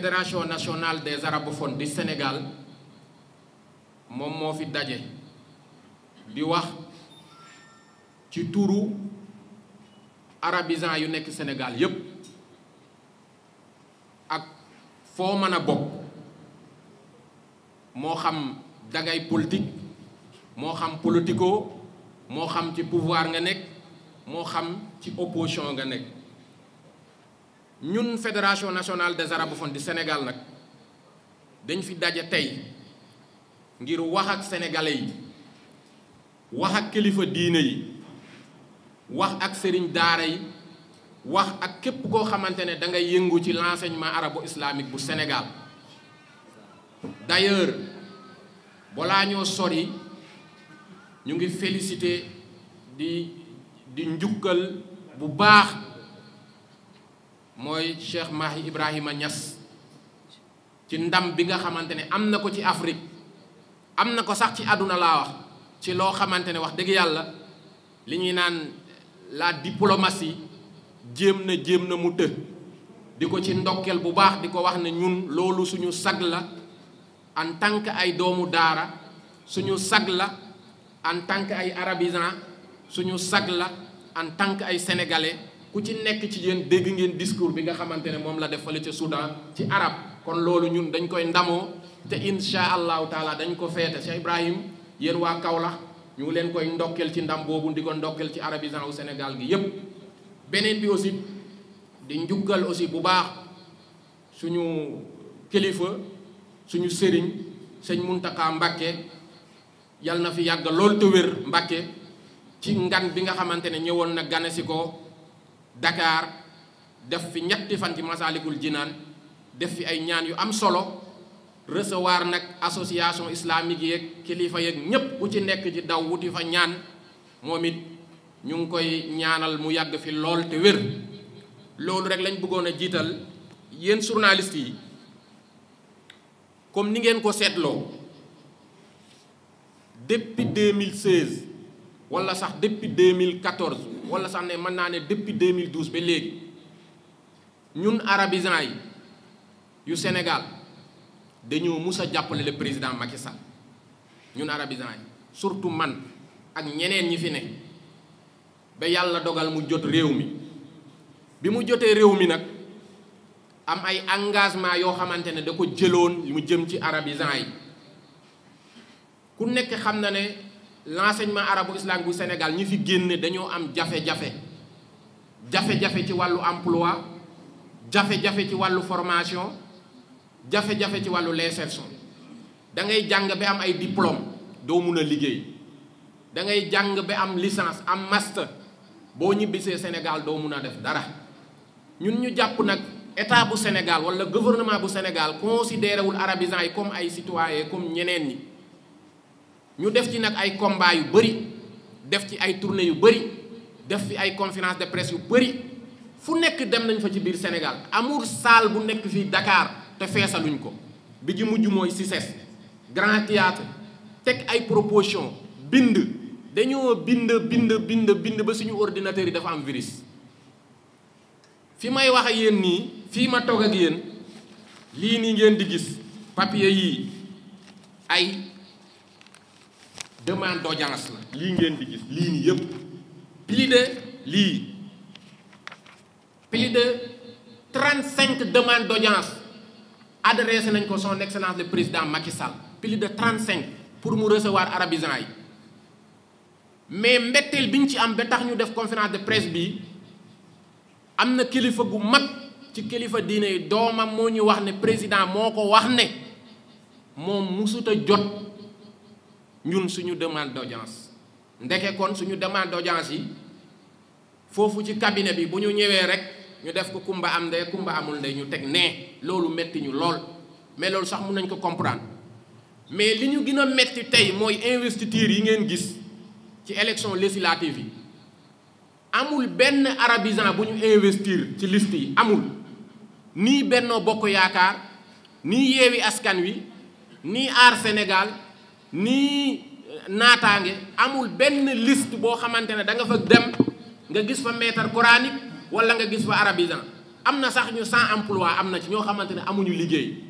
fédération nationale des arabophones di Sénégal moom moo fi daje bi wax ci turu arabisants yu nekk Sénégal yépp ak foo mën a bokk moo xam dangay politique moo xam politico moo xam ci pouvoir nga nekk moo xam ci opposition nga nekk ñun fédération nationale des arabophones du Sénégal nag dañ fi daje tey ngir wax ak sénégalais yi wax ak kilifa diine yi wax ak sëriñ daara yi wax ak képp koo xamante ne da ngay yëngu ci l'enseignement arabo-islamique bu Sénégal dayeur balaa ñoo sori ñu ngi féliciter di di njukkal bu baax. mooy Cheikh Mahi Ibrahima ñas ci ndam bi nga xamante ne am na ko ci Afrique am na ko sax ci àdduna laa wax ci loo xamante ne wax dëgg yàlla li ñuy naan la diplomatie jéem na jéem na mu të di ko ci ndokkeel bu baax di ko wax ne ñun loolu suñu sag la en tànk ay doomu daara suñu sag la en tant ay arabisant suñu sag la en tànk ay sénégalais ku ci nekk ci yéen dégg ngeen discours bi nga xamante ne moom la def fële ca Soudan ci arab kon loolu ñun dañ koy ndamoo te insha allahu taala dañ ko feete Cheikh Ibrahim yéen waa Kaolack ñu ngi leen koy ndokkeel ci ndam boobu di ko ndokkeel ci arabisant wu Sénégal gi yépp beneen bi aussi di njukkal aussi bu baax suñu kilifa suñu sëriñ sëñ Muntaxa Mbàkke yal na fi yàgg lool te wér Mbàkke ci ngan bi nga xamante ne ñëwoon na ganesi ko Dakar def fi ñetti fan ci Masalikul Jinaan def fi ay ñaan yu am solo recevoir nag association islamique yeeg kilifa yeeg ñépp ku ci nekk ci daw wuti fa ñaan moom it ñu ngi koy ñaanal mu yàgg fi lool te wér loolu rek lañ bëggoon a jiital yéen journaliste yi comme ni ngeen ko seetloo depuis 2016 wala sax depuis 2014 wala sax ne mën naa ne depuis 2012 ba léegi ñun arabisants yi yu Sénégal dañoo musa jàppale le président Macky Sall ñun arabisants yi surtout man ak ñeneen ñi fi ne ba yàlla dogal mu jot réew mi bi mu jotee réew mi nag am ay engagement yoo xamante ne da ko jëloon mu jëm ci arabisants yi ku nekk xam na ne l'enseignement arabo-islamique bu Sénégal ñi fi génne dañoo am jafe-jafe jafe-jafe ci wàllu emploi jafe-jafe ci wàllu formation jafe-jafe ci wàllu l'insertion da ngay jàng ba am ay diplôme doo mun a liggéey da ngay jàng bi am licence am master boo ñibbisee senegal doo mun a def dara ñun ñu jàpp nag état bu Sénégal wala gouvernement bu Sénégal considéré wul arabisants yi comme ay citoyens comme ñeneen ñi. ñu def ci nag ay combat yu bëri def ci ay tournée yu bëri def fi ay conférence de presse yu bëri fu nekk dem nañ fa ci biir Sénégal amul salle bu nekk fii Dakar te feesaluñ ko bi ji mujj mooy CICES Grand Théâtre teg ay proposition bind dañoo bind bind bind bind ba suñu ordinateur yi dafa am virus fi may wax ak yéen nii fii ma toog ak yéen lii nii ngeen di gis papier yii ay demande d'audience la lii ngeen di gis lii nii yëpp plus de lii plus de trente cinq demandes d'audience adressé nañ ko son excellence de président Macky Sall plus de trent cinq pour mu recevoir arabisants yi mais mbetteel bi ñu ci am ba tax ñu def conférence de presse bii am na kilifa gu mag ci kilifa diine yi doomam moo ñu wax ne président moo ko wax ne moom musuta jot ñun suñu demande d'audience ndeke kon suñu demande d'audience yi foofu ci cabinet bi bu ñu ñëwee rek ñu def ko kumba am ndey kumba amul ndey ñu teg nee loolu métti ñu lool mais loolu sax mun nañ ko comprendre mais li ñu gën a métti tey mooy investiture yi ngeen gis ci élection législative yi amul benn arabisant bu ñu investir ci list yi amul nii Benno Bokk Yaakaar nii Yewwi Askan Wi nii Aar Sénégal nii eh, naataange amul benn liste boo xamante ne danga fa dem nga gis fa maître coranique wala nga gis fa arabisant am na sax ñu sans emploi am na ci ñoo xamante ne amuñu liggéey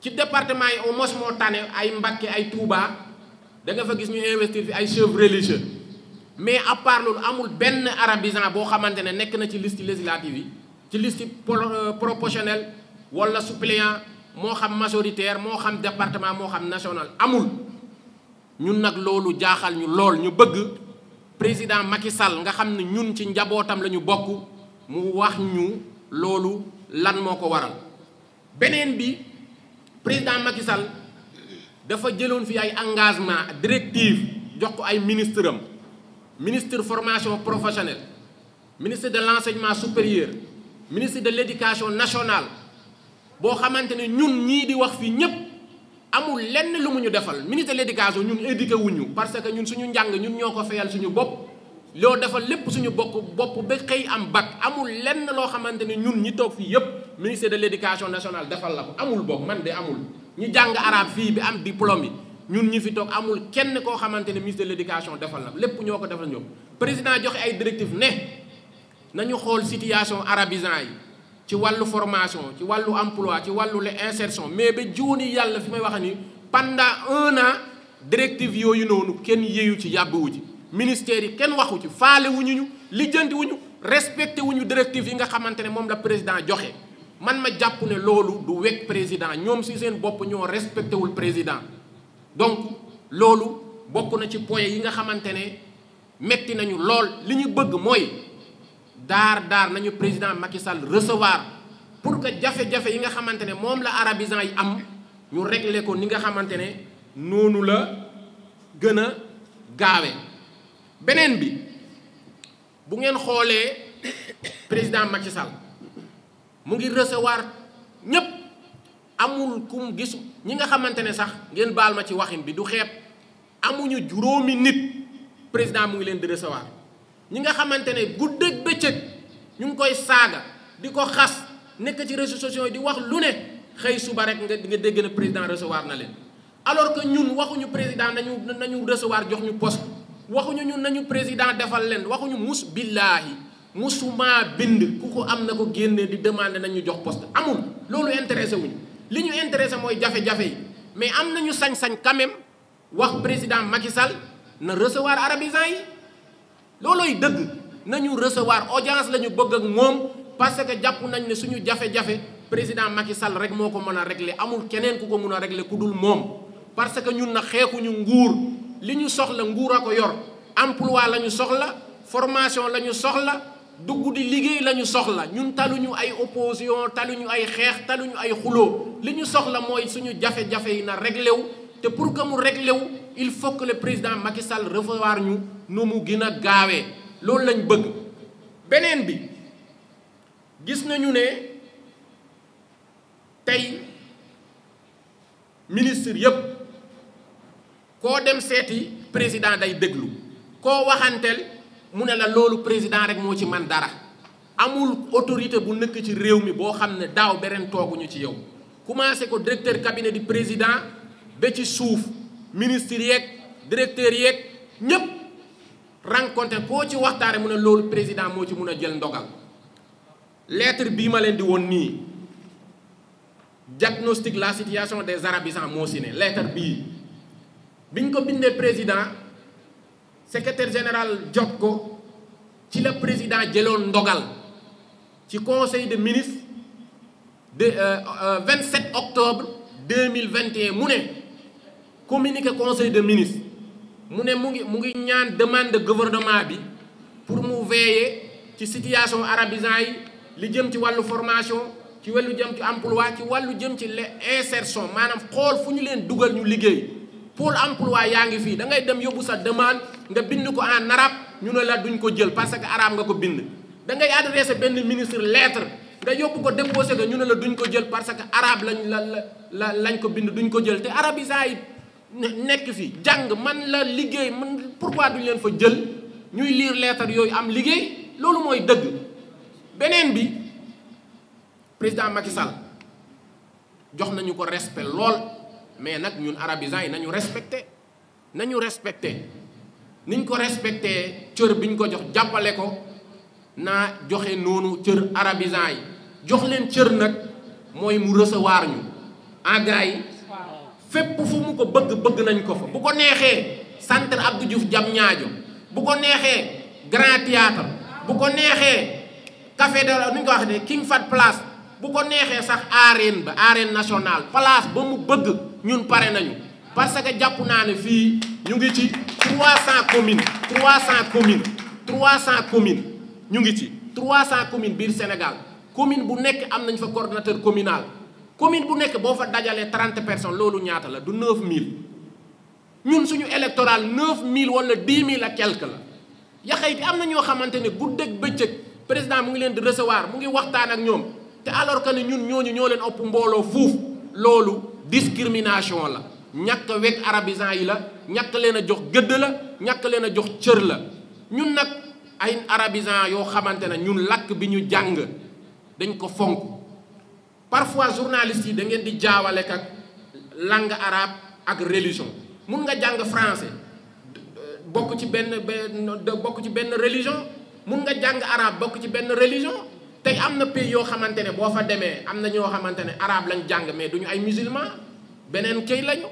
ci département yi au moins moo tane ay Mbacké ay Touba da nga fa gis ñu investir fi ay chefs religieux mais à loolu amul benn arabisant boo xamante ne nekk na ci liste législative yi ci liste euh, proportionnelle walla suppléant moo xam majoritaire moo xam département moo xam national amul ñun nag loolu jaaxal ñu lool ñu bëgg président Macky nga xam ne ñun ci njabootam la ñu bokk mu wax ñu loolu lan moo ko waral beneen bi président Macky Sall dafa jëloon fi ay engagement directive jox ko ay ministre am ministre formation professionnelle ministre de l'enseignement supérieur ministre de l'éducation nationale boo xamante ne ñun ñii di wax fii ñëpp amul lenn lu mu ñu defal ministre de l'éducation ñun éduqué wuñu parce que ñun suñu njàng ñun ñoo ko fayal suñu bopp. loo defal lépp suñu bokk bopp ba xëy am bac amul lenn loo xamante ne ñun ñi toog fii yëpp ministère de l'éducation nationale defal la ko amul bopp man de amul. ñu jàng arab fii bi am diplôme yi ñun ñi fi toog amul kenn koo xamante ne ministre de l'éducation defal na lépp ñoo ko defal ñoom président joxe ay directives ne nañu xool situation arabisant yi. ci wàllu formation ci wàllu emploi ci wàllu le insertion mais ba jooni yàlla fi may wax nii pendant un an directive yooyu noonu kenn yéeyu ci yàbbiwu ci ministère yi kenn waxu ci faale wuñu ñu lijjanti wuñu wu ñu directive yi nga xamante ne moom la président joxe man ma jàpp ne loolu du wekk président ñoom si seen bopp ñoo respecté wul président donc loolu bokk na ci point yi nga xamante ne metti nañu lool li ñu bëgg mooy daar daar nañu président Macky Sall recevoir pour que jafe-jafe yi nga xamante ne moom la arabisants yi am ñu régler ko ni nga xamante ne noonu la gën a gaawe beneen bi bu ngeen xoolee président Macky mu ngi recevoir ñépp amul kum gis ñi nga xamante ne sax ngeen baal ma ci waxin bi du xeet amuñu juróomi nit président mu ngi leen di recevoir ñi nga xamante ne guddeeg bëccëg ñu ngi koy saaga di ko xas nekk ci réseaux sociaux yi di wax lu ne xëy suba rek nga nga dégg na président recevoir na leen alors que ñun waxuñu président nañu nañu recevoir jox ñu poste waxuñu ñun nañu président defal leen waxuñu mus billaahi musuma bind ku ko am na ko génnee di demander nañu jox poste amul loolu intéressé wuñu li ñu intéressé mooy jafe-jafe yi mais am na ñu sañ-sañ quand wax président Macky na recevoir arabisants loolooy dëgg nañu recevoir audience la ñu bëgg ak moom parce que jàpp nañ ne suñu jafe-jafe président Macky Sall rek moo ko mën a régler amul keneen ku ko mun a régler ku dul moom parce que ñun na xeexuñu nguur li ñu soxla nguur a ko yor emploi la ñu soxla formation la ñu soxla dugg di liggéey la ñu soxla ñun taluñu ay opposition taluñu ay xeex taluñu ay xuloo li ñu soxla mooy suñu jafe-jafe yi na réglé wu te pour que mu réglé il faut que le président Macky Sall recevoir ñu nu mu gën a gaawee loolu lañ bëgg beneen bi gis nañu ne tey ministre yëpp koo dem seeti président day déglu koo waxanteel mu ne la loolu président rek moo ci man dara amul autorité bu nëkk ci réew mi boo xam ne daaw beneen tooguñu ci yow commencé ko directeur cabinet du président ba ci suuf ministre yeeg directeur yeeg ñépp rencontré koo ci waxtaare mu ne loolu président moo ci mun a jël ndogal lettre bii ma leen di woon nii diagnostic la situation des arabisans moo si ne lettre bii biñ ko bindee président secrétaire général jot ko ci la président jëloon ndogal ci conseil de ministres de euh, euh, vingt 27 octobre mille vingt 2021 mu ne communiqué conseil de ministre mu ne mu ngi mu ngi ñaan demande de gouvernement bi pour mu veiller ci situation arabisant yi li jëm ci wàllu formation ci wàllu jëm ci emploi ci wàllu jëm ci les insertion maanaam xool fu ñu leen dugal ñu liggéey pôle emploi yaa ngi fii dangay dem yóbbu sa demande nga bind ko en narab ñu ne la duñ ko jël parce que arabe nga ko bind dangay ngay adressé benn ministre lettre nga yóbbu ko déposé ko ñu ne la duñ ko jël parce que arabe lañ la la lañ ko bind duñ ko jël te arabisant nekk fi jàng man la liggéey man pourquoi duñ leen fa jël ñuy lire lettre yooyu am liggéey loolu mooy dëgg beneen bi président Macky jox nañu ko respect lool mais nag ñun arabisants yi nañu respecté nañu respecté niñ ko respecté cër biñ ko jox jàppale ko naa joxe noonu cër arabisants yi jox leen cër nag mooy mu recevoir ñu agaay fépp fu ko bëgg bëgg nañ ko fa bu ko neexee centre Abdou Diouf Diamniadio bu ko neexee Grand Théâtre bu ko neexee café de nu ko wax ne King Fahd Place bu ko neexee sax arène ba arène nationale place ba mu bëgg ñun pare nañu parce que jàpp naa ne fii ñu ngi ci 300 communes 300 communes 300 communes ñu ngi ci 300 communes biir Sénégal commune bu nekk am nañ fa coordonnateur communal commune bu nekk boo fa dajalee trente personnes loolu ñaata la du neuf mille ñun suñu électoral neuf mille wala dix mil ak quelque la yaxayti am na ñoo xamante ne guddeeg bëccëg président mu ngi leen di recevoir mu ngi waxtaan ak ñoom te alors que ne ñun ñooñu ñoo leen ëpp mbooloo fuuf loolu discrimination la ñàkk wekk arabisants yi la ñàkk leen a jox gëdd la ñàkk leen a jox cër la ñun nag ay arabisants yoo xamante ne ñun lakk bi ñu jàng dañ ko fonk parfois journalistes yi da ngeen di jaawale ak làng arabe ak religion mun nga jàng français bokk ci benn bokk ci benn religion mun nga jàng arabe bokk ci benn religion tey am na pays yoo xamante ne boo fa demee am na ñoo xamante ne araab lañ jàng mais duñu ay musulman beneen kay lañu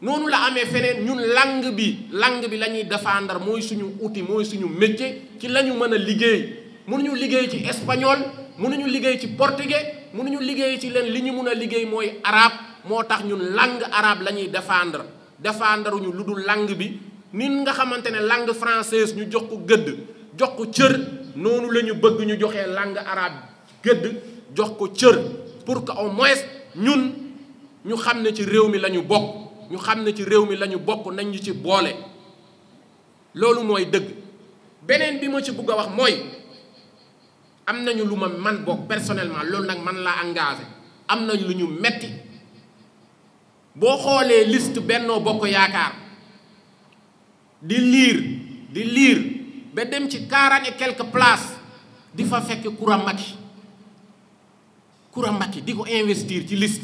noonu la amee feneen ñun langue bi langue bi la ñuy défendre mooy suñu outil mooy suñu métier ci la ñu mën a liggéey ñu liggéey ci espagnol mënuñu liggéey ci portugais mënuñu liggéey ci leen li ñu mun a liggéey mooy arab moo tax ñun langue araab la ñuy défendre défendre lu dul langue bi nit nga xamante ne langue française ñu jox ko gëdd jox ko cër noonu lañu bëgg ñu joxe langue arabe gëdd jox ko cër pour que au moins ñun ñu xam ne ci réew mi lañu bokk ñu xam ne ci réew mi la ñu bokk nañ ñu ci boole loolu mooy dëgg beneen bi ma ci bëgg a wax mooy am nañu lu ma man bokk personnellement loolu nag man laa engagé am nañu lu ñu metti boo xoolee list Benno Bokk Yaakaar di liir di liir ba dem ci quarante et quelques places di fa fekk Koura Macky Koura Macky di ko investir ci list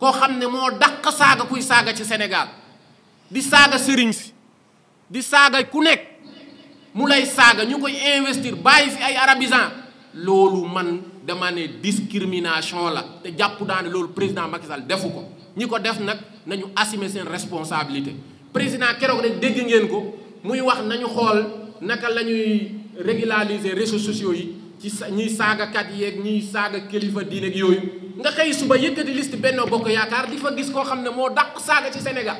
koo xam ne moo daq saaga kuy saaga ci Sénégal di saaga sëriñ si di saaga ku nekk mu lay saaga ñu koy investir bàyyi fi ay arabisant loolu man dama ne discrimination la te jàpp naa ne loolu président Macky Sall defu ko ñi ko def nag nañu assumer seen responsabilité président keroog rek dégg ngeen ko muy wax nañu xool naka la ñuy régulariser réseaux sociaux yi ci sa ñiy saagakat yeeg ñiy saaga kilifa diine ak yooyu nga xëy suba yëkkati liste Benno Bokk Yaakaar di fa gis koo xam ne moo dàq saaga ci Sénégal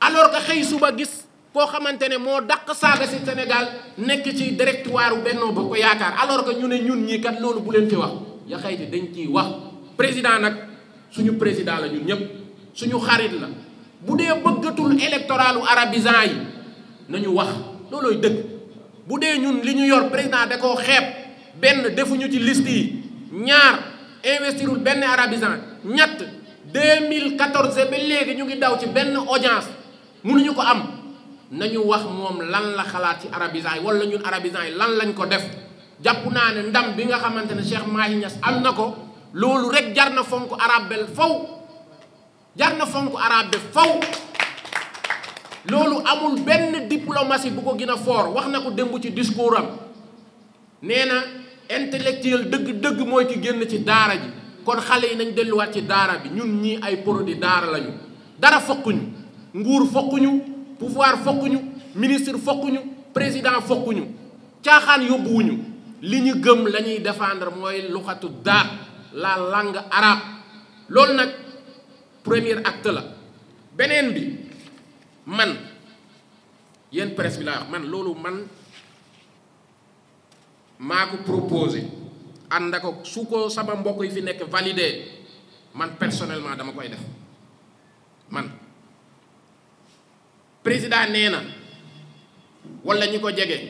alors que xëy suba gis koo xamante ne moo daq saaga si Sénégal nekk ci directoire bu Benno Bokk Yaakaar alors que ñu ne ñun ñii kat loolu bu leen ci wax yaxayti dañ ciy wax président nag suñu président la ñun ñëpp suñu xarit la bu dee bëggatul électoralu arabisant yi nañu wax loolooy dëgg bu dee ñun li ñu yor président da ko xeeb benn defuñu ci liste yi ñaar investirul benn arabisant ñett mille 2014 ba léegi ñu ngi daw ci benn audience mënuñu ko am nañu wax moom lan la xalaat ci arabisants yi wala ñun arabisants yi lan lañ ko def jàpp naa ne ndam bi nga xamante ne Cheikh Mahi Niass am na ko loolu rek jar na fonk arab bel faw jar na fonk arab be faw loolu amul benn diplomatie bu ko gën a fort wax na ko démb ci discours am nee na intellectuel dëgg-dëgg mooy ci génn ci daara ji kon xale yi nañu delluwaat ci daara bi ñun ñii ay produit daara lañu dara fokkuñu nguur fokkuñu pouvoir fokkuñu ministre fokkuñu président fokkuñu caaxaan yóbbuwuñu li ñu gëm lañuy ñuy défendre mooy luxatu daat la langue arabe loolu nag première acte la beneen bi man yéen presse bi laa wax man loolu man maa ko proposé ànd ak su ko sama mbokk yi fi nekk validé man personnellement dama koy def man président nee na wala ñi ko jege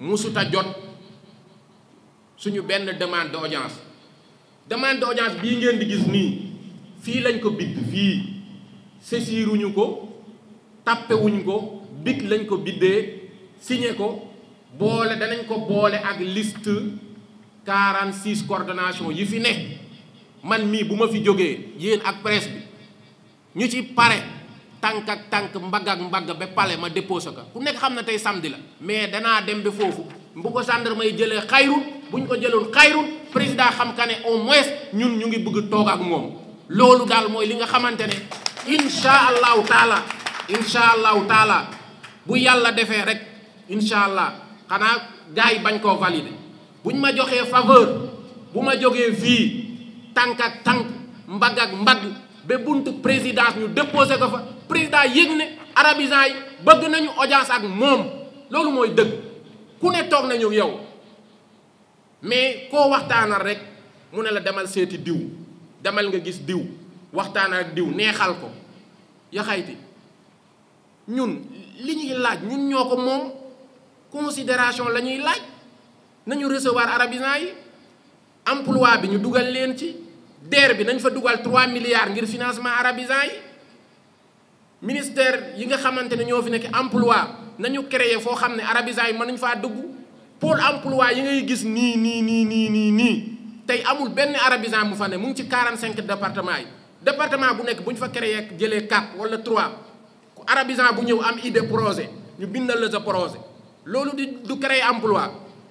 musuta jot suñu benn demande d'audience demande d'audience bii ngeen di gis nii fii lañ ko bidd fii saisiruñu ko tàppewuñ ko bic lañ ko biddee signé ko boole danañ ko boole ak list liste 46 coordination yi fi ne man mii bu ma fi jógee yéen ak presse bi ñu ci pare tànk ak tànk mbagg ak mbagg ba pale ma déposé ko ku nekk xam na tey samedi la mais danaa dem ba foofu bu ko gendarme yi jëlee xayrul bu ñu ko jëloon xayrul président xam ka ne au moins ñun ñu ngi bëgg toog ak moom loolu daal mooy li nga xamante ne insha allahu taala insha allahu taala bu yàlla defee rek insha allah xanaa gars yi bañ koo valider bu ñu ma joxee faveur bu ma jógee fii tànk ak tànk mbagg ak mbagg ba buntu présidence ñu déposé ko fa président yëg ne arabisants yi bëgg nañu audience ak moom loolu mooy dëgg ku ne toog nañu yow mais koo waxtaanal rek mu ne la demal seeti diw demal nga gis diw waxtaanal ak diw neexal ko yaxayti ñun li ñuy laaj ñun ñoo ko moom considération la ñuy laaj nañu recevoir arabisants yi emploi bi ñu dugal leen ci DER bi nañ fa dugal 3 milliards ngir financement arabisants yi ministère yi nga xamante ne ñoo fi nekk emploi nañu créer foo xam ne arabisants yi mën nañu faa dugg pôle emploi yi ngay gis nii nii nii nii nii nii tey amul benn arabisant mu fa ne mu ngi ci 45 département yi département bu nekk bu ñu fa créer jëlee 4 wala trois ku arabisant bu ñëw am idée projet ñu bindal la sa projet loolu di du créer emploi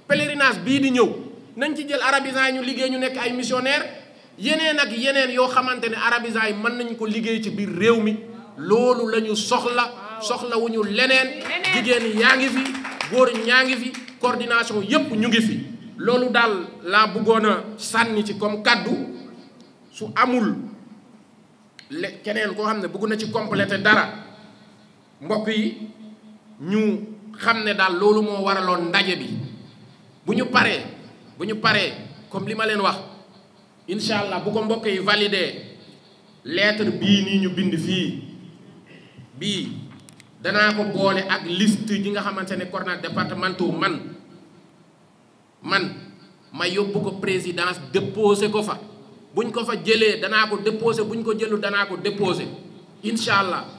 pèlerinage bii di ñëw nañ ci jël arabisants yi ñu liggéey ñu nekk ay missionnaires yeneen ak yeneen yoo xamante ne arabisants yi mën nañu ko liggéey ci biir réew mi loolu lañu soxla soxlawuñu leneen jigéen yaa ngi fi góor ñaa ngi fi coordination yépp ñu ngi fi loolu daal laa bëggoon a sànni ci comme kàddu su amul le keneen koo xam ne bëgg na ci complété dara mbokk yi ñu xam ne daal loolu moo waraloon ndaje bi bu ñu paree bu ñu paree comme li ma leen wax incha allah bu ko mbokk yi validé lettre bii nii ñu bind fii bii danaa ko boole ak liste yi nga xamante ne coordonnateurs départementaux man man ma yóbbu ko présidence déposé ko fa buñ ko fa jëlee danaa ko déposé buñ ko jëlu danaa ko déposé incha allah